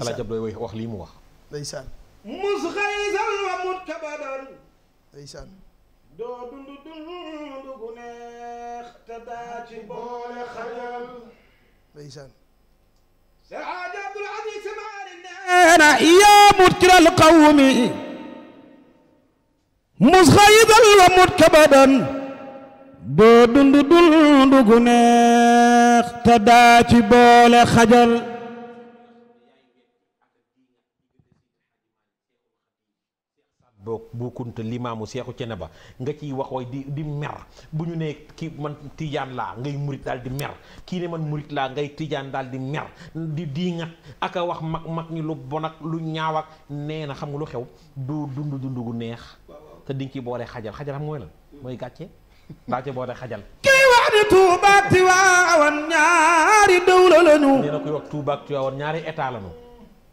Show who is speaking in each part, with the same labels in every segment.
Speaker 1: alaaj ab doy wax lii mu wax ndeysaan
Speaker 2: mus xaysal wa mut kabadan
Speaker 3: ndeysaan doo
Speaker 2: dund dund gu neex te daa ci boole xajal ndeysaan se aaja abdul aziz maari
Speaker 3: neena yaa
Speaker 2: mutkiral qawmi mus xaysal wa mut kabadan doo dund dund gu neex te daa ci boole xajal
Speaker 1: boo bukunta limaamu seexu cene ba nga ciy wax way di mer bu ñu nee kii man tijaan laa ngay murit daal di mer kii ne man murit laa ngay tiijaan daal di mer di diingat ak wax mag mag ñi lu bon ak lu ñaaw ak nee na xam nga lu xew du dund dund gu neex te dinga ciy boole xajal xajal xam nga mooy lan mooy gàcce daa ci boole xajal kii wax ne Tuubaa Tiwaawan ñaari dawla lañu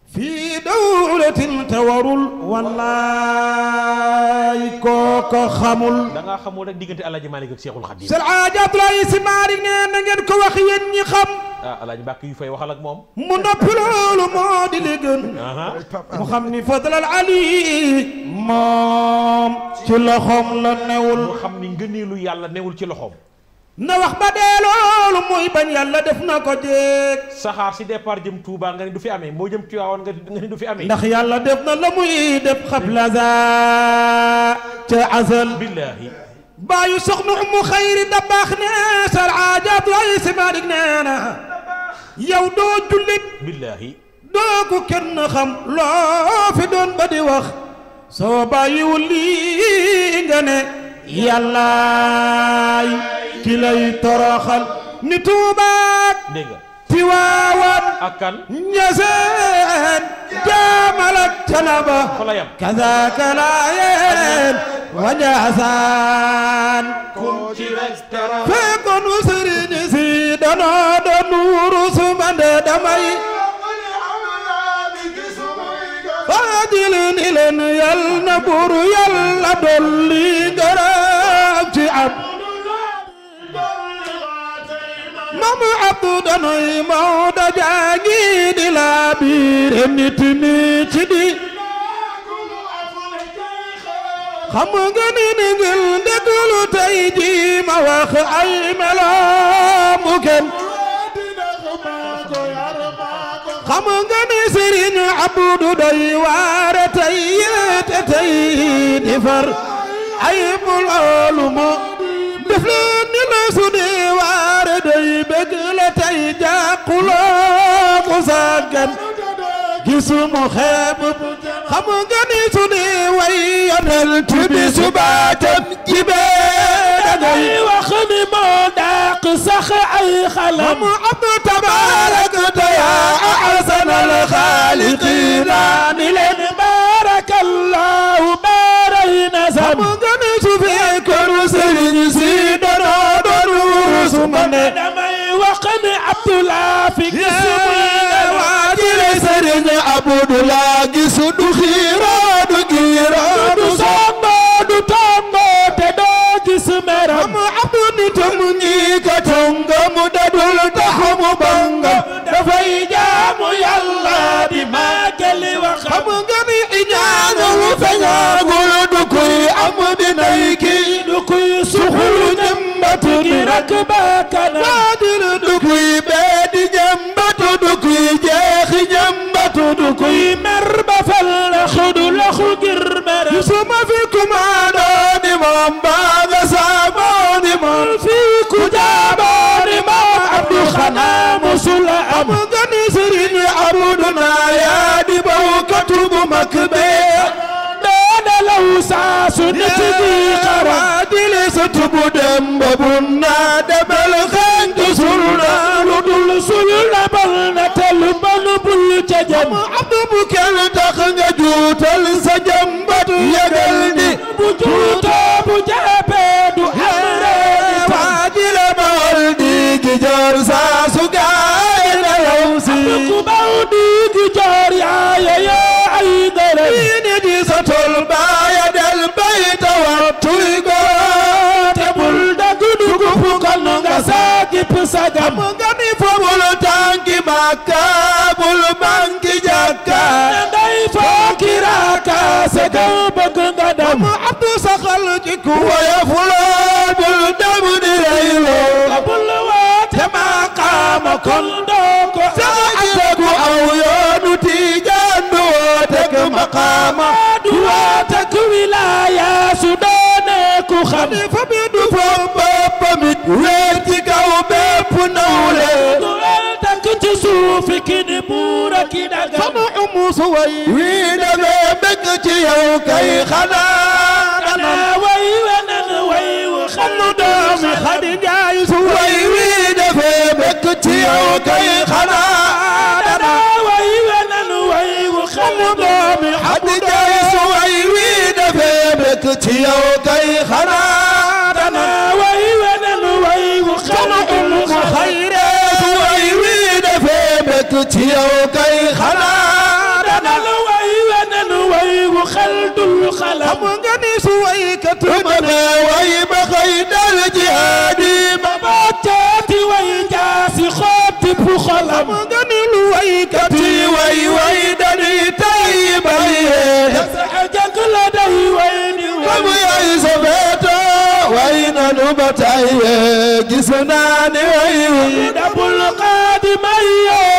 Speaker 1: fii
Speaker 2: dawlatin tawarul wallaay kooko xamul.
Speaker 1: da ngaa xamul rek diggante El Hadj Malick ak Cheikhul Khadim.
Speaker 2: Seydi El Hadj Abdoulaye Sy Malick nee na ko wax yéen ñi xam.
Speaker 1: ah El Hadj yu fay waxalak moom.
Speaker 2: mu noppi loolu moo di li mu xam ni fadlal Ali moom ci loxoom la newul. mu
Speaker 1: xam ni ngëneelu yàlla newul ci loxoom. na wax ba dee loolu muy bañ yàlla def na ko jéeg. saxaar si départ jëm Touba nga ni du fi amee moo jëm Tiwaawan nga ni du fi amee. ndax yàlla
Speaker 2: def na la muy def xabla zaa ca azal. billaahi. baayu soxna umu xayri dabaax nee sal aajaat lay si Malick nee na yow doo jullit. billaahi. doo ko xam loo fi doon ba di wax. soo bàyyiwul lii nga ne. yàllaay. ki lay toroxal ni tuubaak tiwaawan ak kan ñaseen ak canaba kazaaka laayeen wa jaasaan kum ci westara fekkonu sëriñ si danoo da nuuru sumande damay faajil ni leen yal na buur yàlla dolli ngërëm xam nga ni ngeen déglu tey ji ma wax ay meloom bu far ay mu loolu mu def leen dëgg la tey jàquloo mu sàggan gisuma xeeb xam nga su ni way yonel tu bi wax ni moo dàq sax ay xalam am tabaaraka te yaa ahsanal xaaliqiin xam nga ni iñaanu lu feñaagul du kuy am di nay ki du kuy suxul jëmbatu di rakk bakkanam sunnati bi xaram di li sëtu bu dem ba bun naa demal xeeñtu sul dul sul na bal na tel mbal bul ca jam bu kenn tax nga juutal sa jàmbat yëgal ni bu juutoo bu jaabee du am reeni waa di la bawal di gi saa sagam mu nga ni fo bul tànki Makka bul manki jàkka nday fo kiraka sagam bëgg nga dem Abdu saxal ci ku woyof lool bul dem di rey lool bul waate maqaama kon doo ko saxal ku aw yoonu Tijaan du woote ku maqaama du woote ku wilaaya su doone ku xam fa bi du fo boppam it ñépp naw leen dugal tànk ci suuf ki ni buur ak ki dagal sama umu su way wii danoo bëgg ci yow kay xanaa dana way wenan way wu xallu doomi xadi njaay su way wii dafee bëgg ci yow kay xanaa dana way wenan way wu xallu doomi xadi njaay su way wii dafee bëgg ci yow kay xanaa yow kay xalaat dana lu way wena lu way wu xel dul xalaat xam nga ni su waykat ma na way ba xëy dal jihaadi ba ba caati way jaasi xotti pu xolam xam nga ni lu waykat yi way way dañuy tay baye sa jàng la day way ni xam yaay sa beto way nanu ba tay gis naa ni way dabul qaadi maye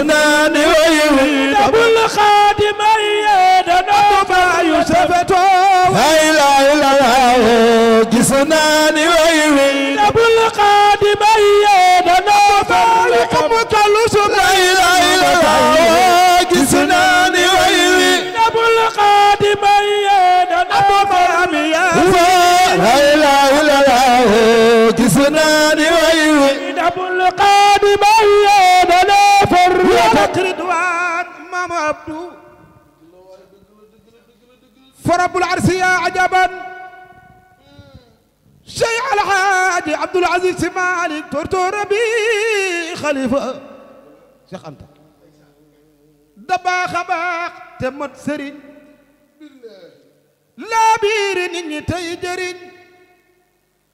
Speaker 2: الأفنان ويهيد أبو الخادم أيدنا ما يسفت لا إله إلا الله جسنان ويهيد abdu fa rabbul arsi yaa ajaban sey alxaaji abdul aziz si malik tortoora bi xalifa Cheikh Anta da baax a baax te mot sëriñ laa biiri nit ñi tey jëriñ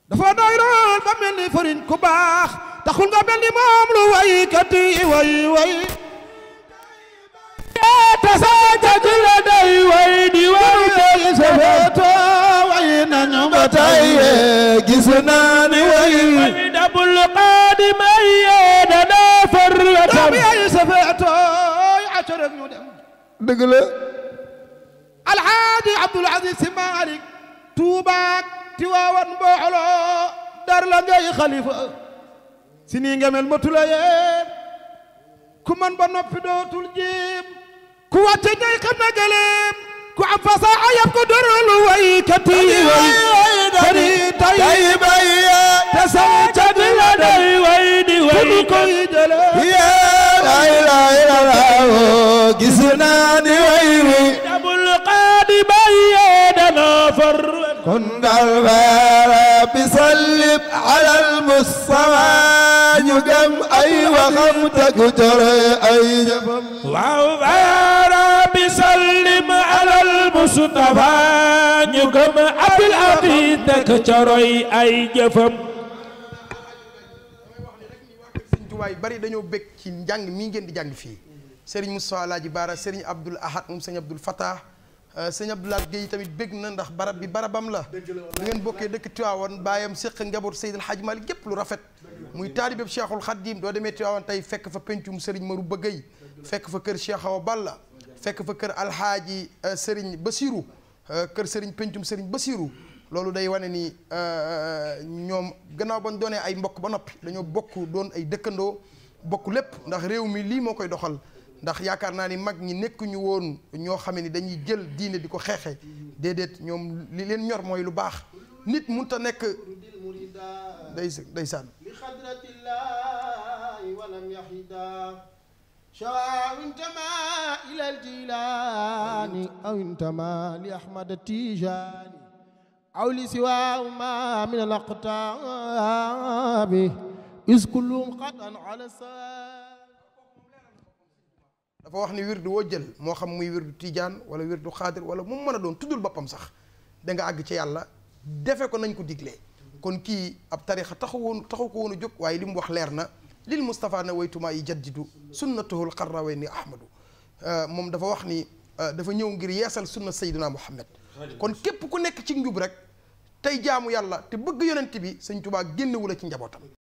Speaker 2: dafa doy lool ba mel ni fëriñ ku baax taxul nga mel ni moom lu way kat yi way way tasaajat la day way di way day sabato way nañu ba tay gis naa ni way dabul qaadima yeeda daa farlatam yay sabato aco rek ñu dem dëgg la alxaaji abdul aziz si maalik tuubaak tiwaawan mboolo dar la ngay xalifa si nii nga mel ma tula yee ku man ba noppi dootul jéem ku wàcce ñay xam na gëléem ku am fasaa yab ko doral waykat yi way tani tay bay te saw ca di la day way di way ku koy jële yee lay lay la laawo gis naa di way wi dabul qaadi bay yee dana far kon dal baa rabbi sallim ala al mustafa ñu gëm ay waxam tagu tere ay jëfam waaw rabbi sallim alal mustafa ñu gëm abil aqid dëkk coroy
Speaker 3: ay jëfam sëñ Tuubaa yi bari dañoo bëgg ci njàng mii ngeen di jàng fii Serigne Moussa Alaaji Baara Serigne Abdoul Ahad moom Serigne Abdoul Fatah euh, Serigne Abdoul Ahad Gueye tamit bëgg na ndax barab bi barabam la da ngeen bokkee dëkk Tiwaawan baayam séq njaboot Seydil Hadji Malick gépp lu rafet muy taalibeb cheikhul xaddim doo demee Tiwaawan tey fekk fa pencum Serigne Maru Bëggay fekk fa kër Cheikh Awa Balla fekk fa kër alxaaji euh, Serigne Basiru euh, kër Serigne pencum Serigne Basiru loolu day wane ni euh, ñoom gannaaw bañ doonee ay mbokk ba noppi dañoo bokk doon ay dëkkandoo bokk lépp ndax réew mi lii moo koy doxal ndax yaakaar naa ni mag ñi nekkuñu woon ñoo xam ni dañuy jël diine di ko xeexee déedéet ñoom li leen ñor mooy lu baax nit munta nekk day day saan بخدرة الله ولم يحدا سواء انتمى إلى الجيلان أو انتمى لأحمد التيجاني أو لسواهما من الأقطاب إذ كلهم قطعا على السواء dafa wax ni wirdu woo jël moo xam muy wirdu tijaan wala wirdu xaadir wala mu mën a doon tuddul boppam sax da nga àgg ci yàlla defe ko nañ ko diglee kon kii ab tarixa taxu woon taxu ko woon a jóg waaye li mu wax leer na lil Moustapha na waytumaa yi jaddidu sunnatuhul xarraway ni ahmadu euh, moom dafa wax ni euh, dafa ñëw ngir yeesal sunna sayduna muhammad kon képp ku nekk ci njub rek tey jaamu yàlla te bëgg yonent bi sëñ Tuubaa génnewu la ci njabootam